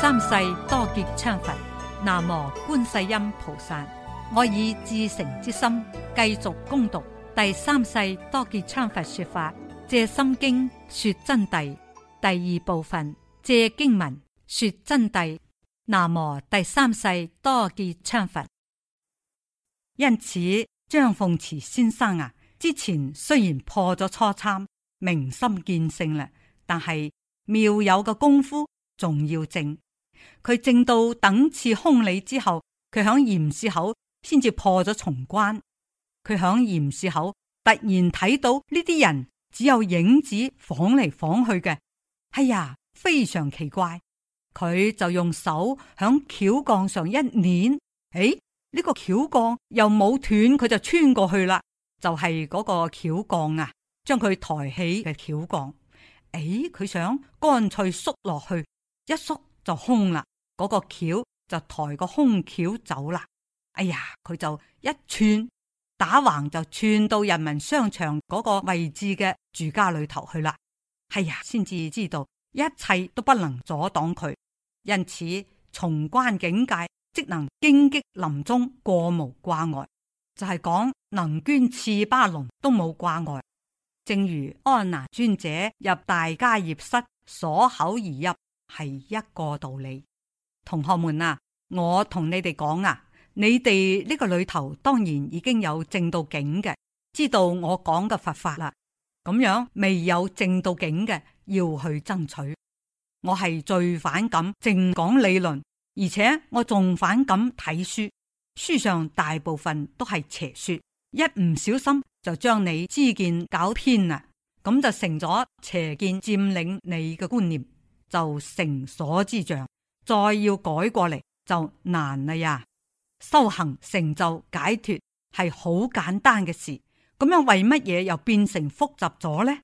三世多杰羌佛，南無觀世音菩薩。我以至誠之心繼續攻讀第三世多杰羌佛說法，借心經說真諦第二部分，借經文說真諦。南無第三世多杰羌佛。因此，張鳳慈先生啊，之前雖然破咗初參，明心見性啦，但係妙有嘅功夫仲要正。佢靜到等次空里之後，佢響鹽市口先至破咗重關。佢響鹽市口突然睇到呢啲人只有影子晃嚟晃去嘅。哎呀，非常奇怪。佢就用手響轎槓上一捻，誒、哎，呢、這個轎槓又冇斷，佢就穿過去啦。就係、是、嗰個轎槓啊，將佢抬起嘅轎槓。誒、哎，佢想乾脆縮落去，一縮。就空啦，嗰、那個橋就抬個空橋走啦。哎呀，佢就一串打橫就串到人民商場嗰個位置嘅住家裏頭去啦。哎呀，先至知道一切都不能阻擋佢。因此，重關境界，即能荊棘林中，過無掛礙，就係、是、講能捐刺巴龍都冇掛礙。正如安娜尊者入大家業室，鎖口而入。係一個道理，同學們啊，我同你哋講啊，你哋呢個裏頭當然已經有正到境嘅，知道我講嘅佛法啦。咁樣未有正到境嘅，要去爭取。我係最反感淨講理論，而且我仲反感睇書，書上大部分都係邪說，一唔小心就將你知見搞偏啦，咁就成咗邪見佔領你嘅觀念。就成所知障，再要改過嚟就難啦呀！修行成就解脱係好簡單嘅事，咁樣為乜嘢又變成複雜咗呢？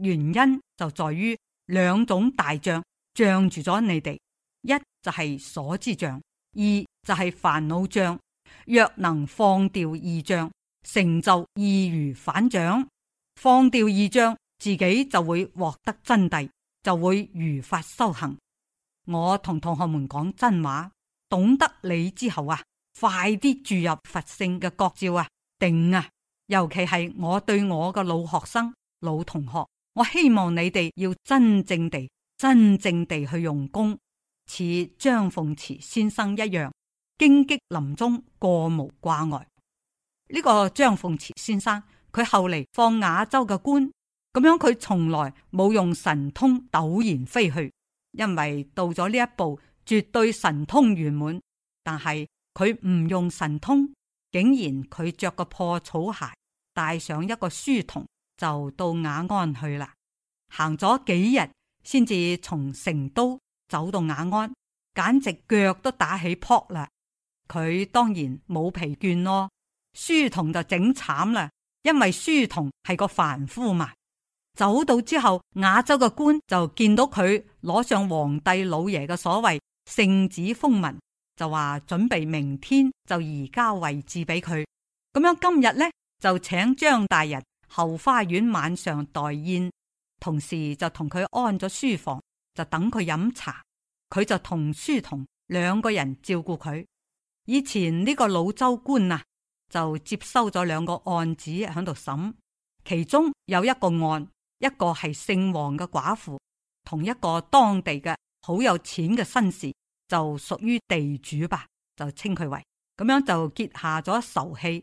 原因就在於兩種大障，障住咗你哋，一就係所知障，二就係煩惱障。若能放掉二障，成就易如反掌；放掉二障，自己就會獲得真諦。就會如法修行。我同同學們講真話，懂得你之後啊，快啲注入佛性嘅國照啊，定啊！尤其係我對我嘅老學生、老同學，我希望你哋要真正地、真正地去用功，似張鳳慈先生一樣，荊棘林中過無掛礙。呢、這個張鳳慈先生，佢後嚟放亞洲嘅官。咁樣佢從來冇用神通陡然飛去，因為到咗呢一步絕對神通圓滿。但係佢唔用神通，竟然佢着個破草鞋，帶上一個書童就到雅安去啦。行咗幾日，先至從成都走到雅安，簡直腳都打起泡啦。佢當然冇疲倦咯，書童就整慘啦，因為書童係個凡夫嘛。走到之後，雅州嘅官就見到佢攞上皇帝老爺嘅所謂聖旨封文，就話準備明天就移交位置俾佢。咁樣今日呢，就請張大人後花園晚上待宴，同時就同佢安咗書房，就等佢飲茶。佢就同書童兩個人照顧佢。以前呢個老州官啊，就接收咗兩個案子喺度審，其中有一個案。一個係姓王嘅寡婦，同一個當地嘅好有錢嘅紳士，就屬於地主吧，就稱佢為，咁樣就結下咗仇氣。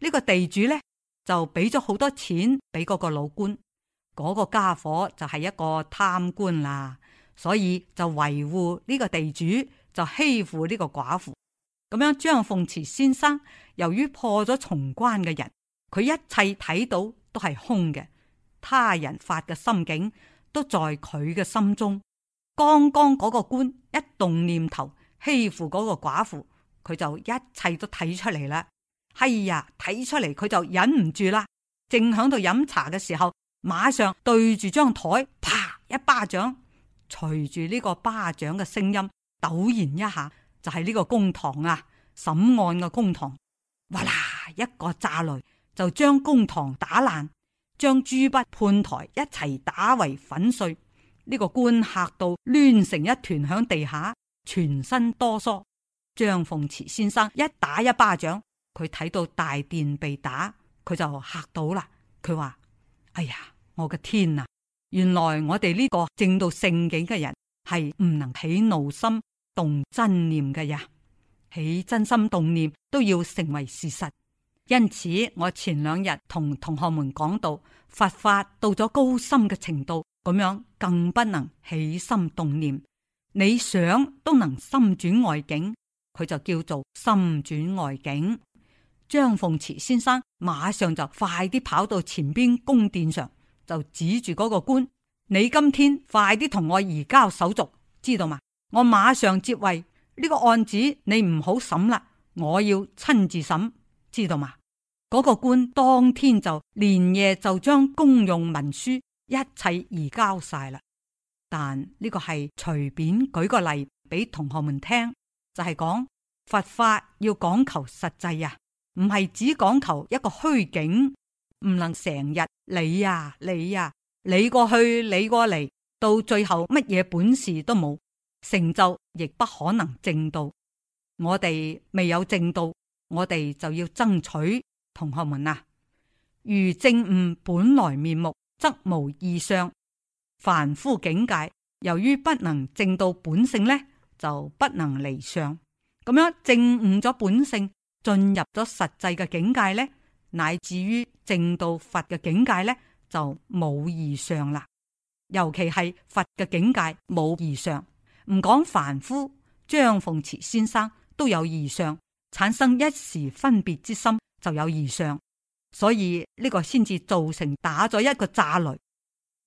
呢、這個地主呢，就俾咗好多錢俾嗰個老官，嗰、那個家伙就係一個貪官啦，所以就維護呢個地主，就欺負呢個寡婦。咁樣張鳳慈先生由於破咗重關嘅人，佢一切睇到都係空嘅。他人發嘅心境都在佢嘅心中。剛剛嗰個官一動念頭欺負嗰個寡婦，佢就一切都睇出嚟啦。哎呀，睇出嚟佢就忍唔住啦。正響度飲茶嘅時候，馬上對住張台啪一巴掌。隨住呢個巴掌嘅聲音，陡然一下就係呢個公堂啊，審案嘅公堂，嘩啦一個炸雷就將公堂打爛。將朱筆判台一齊打為粉碎，呢、這個官嚇到攣成一團喺地下，全身哆嗦。張鳳慈先生一打一巴掌，佢睇到大殿被打，佢就嚇到啦。佢話：哎呀，我嘅天啊！原來我哋呢個正道聖境嘅人係唔能起怒心、動真念嘅呀！起真心動念都要成為事實。因此，我前兩日同同學們講到，佛法到咗高深嘅程度，咁樣更不能起心動念。你想都能心轉外境，佢就叫做心轉外境。張鳳慈先生馬上就快啲跑到前邊宮殿上，就指住嗰個官：你今天快啲同我移交手續，知道嗎？我馬上接位，呢個案子你唔好審啦，我要親自審，知道嗎？嗰個官當天就連夜就將公用文書一切移交晒啦。但呢個係隨便舉個例俾同學們聽，就係、是、講佛法要講求實際呀、啊，唔係只講求一個虛境。唔能成日理呀、啊、理呀、啊、理過去理過嚟，到最後乜嘢本事都冇，成就亦不可能正道。我哋未有正道，我哋就要爭取。同學們啊，如正悟本來面目，則無異相。凡夫境界由於不能正到本性咧，就不能離相。咁樣正悟咗本性，進入咗實際嘅境界咧，乃至於正到佛嘅境界咧，就冇異相啦。尤其係佛嘅境界冇異相，唔講凡夫。張鳳池先生都有異相產生一時分別之心。就有異常，所以呢個先至造成打咗一個炸雷。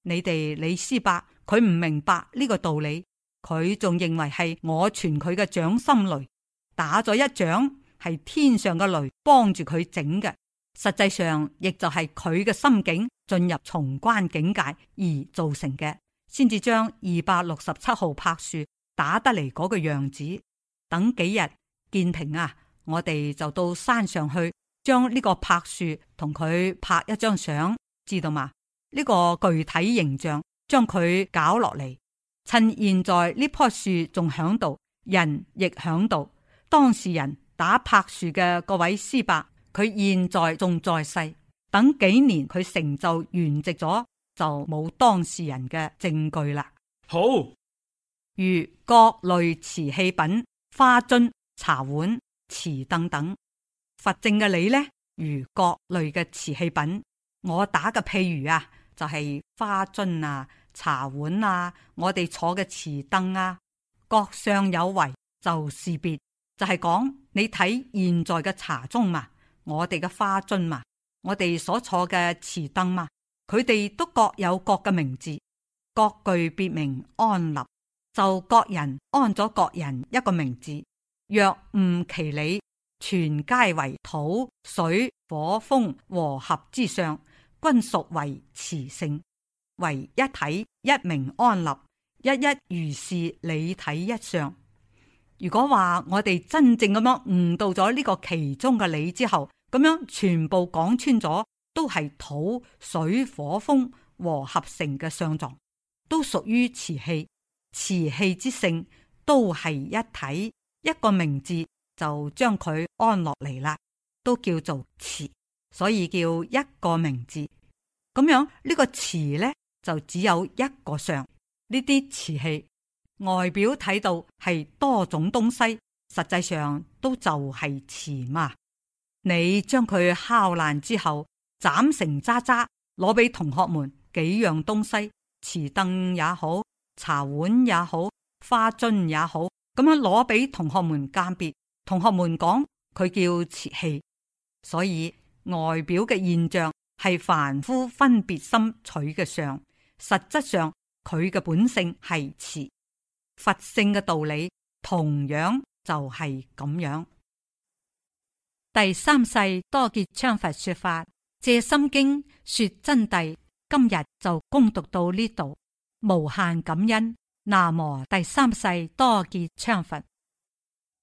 你哋李斯伯佢唔明白呢個道理，佢仲認為係我傳佢嘅掌心雷，打咗一掌係天上嘅雷幫住佢整嘅。實際上亦就係佢嘅心境進入重關境界而造成嘅，先至將二百六十七號柏樹打得嚟嗰個樣子。等幾日建平啊，我哋就到山上去。將呢個柏樹同佢拍一張相，知道嘛？呢個具體形象，將佢搞落嚟。趁現在呢棵樹仲響度，人亦響度，當事人打柏樹嘅各位師伯，佢現在仲在世。等幾年佢成就圓寂咗，就冇當事人嘅證據啦。好，如各類瓷器品、花樽、茶碗、瓷凳等等。佛正嘅理呢，如各類嘅瓷器品，我打嘅譬如啊，就係、是、花樽啊、茶碗啊、我哋坐嘅瓷燈啊，各相有為就識、是、別，就係、是、講你睇現在嘅茶盅嘛、啊，我哋嘅花樽嘛、啊，我哋所坐嘅瓷燈嘛、啊，佢哋都各有各嘅名字，各具別名安立，就各人安咗各人一個名字，若誤其理。全皆為土、水、火、風和合之相，均屬為磁性，為一體一名安立，一一如是理體一相。如果話我哋真正咁樣悟到咗呢個其中嘅理之後，咁樣全部講穿咗，都係土、水、火、風和合成嘅相狀，都屬於磁氣，磁氣之性都係一體一個名字。就將佢安落嚟啦，都叫做瓷，所以叫一個名字。咁樣呢個瓷呢，就只有一個相。呢啲瓷器外表睇到係多種東西，實際上都就係瓷嘛。你將佢敲爛之後，斬成渣渣，攞俾同學們幾樣東西，瓷櫈也好，茶碗也好，花樽也好，咁樣攞俾同學們鑑別。同學們講佢叫瓷器，所以外表嘅現象係凡夫分別心取嘅相，實質上佢嘅本性係瓷」。佛性嘅道理同樣就係咁樣。第三世多杰羌佛說法《藉心經》說真諦，今日就恭讀到呢度，無限感恩。那麼第三世多杰羌佛。